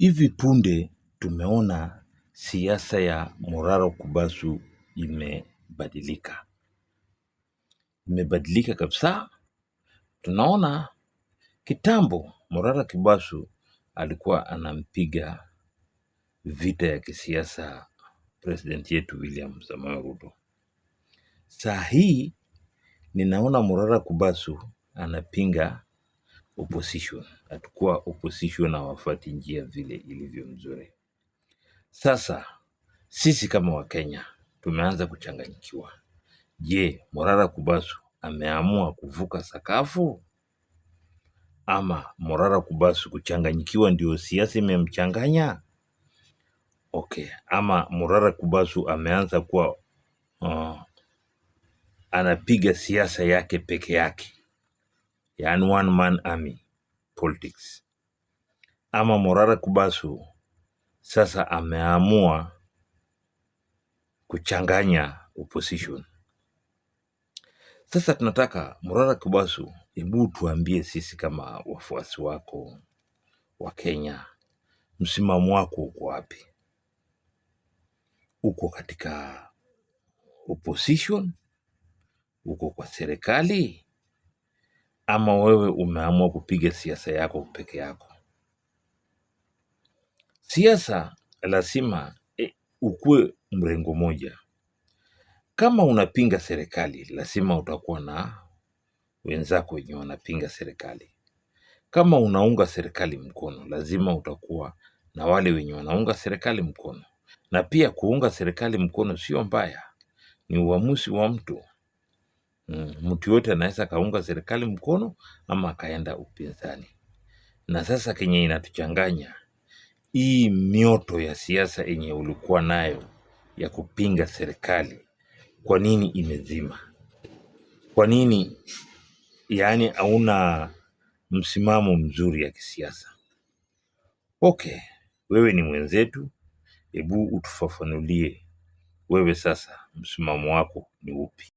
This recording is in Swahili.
Hivi punde tumeona siasa ya Moraro Kubasu imebadilika, imebadilika kabisa. Tunaona kitambo Moraro Kubasu alikuwa anampiga vita ya kisiasa president yetu William Samoei Ruto. Saa hii ninaona Moraro Kubasu anapinga opposition. Hatukuwa opposition hawafati njia vile ilivyo mzuri. Sasa sisi kama Wakenya tumeanza kuchanganyikiwa. Je, Morara Kubasu ameamua kuvuka sakafu ama Morara Kubasu kuchanganyikiwa ndio siasa imemchanganya? Okay, ama Morara Kubasu ameanza kuwa uh, anapiga siasa yake peke yake yaani one man army politics. Ama Morara Kubasu sasa ameamua kuchanganya opposition. Sasa tunataka Morara Kubasu, hebu tuambie sisi kama wafuasi wako wa Kenya, msimamo wako uko wapi? Uko katika opposition? Uko kwa serikali ama wewe umeamua kupiga siasa yako peke yako? Siasa lazima e, ukue mrengo moja. Kama unapinga serikali, lazima utakuwa na wenzako wenye wanapinga serikali. Kama unaunga serikali mkono, lazima utakuwa na wale wenye wanaunga serikali mkono. Na pia kuunga serikali mkono sio mbaya, ni uamuzi wa mtu Mm, mtu yote anaweza kaunga serikali mkono ama akaenda upinzani. Na sasa kenye inatuchanganya hii mioto ya siasa yenye ulikuwa nayo ya kupinga serikali, kwa nini imezima? Kwa nini yaani hauna msimamo mzuri ya kisiasa? Okay, wewe ni mwenzetu, hebu utufafanulie wewe sasa msimamo wako ni upi?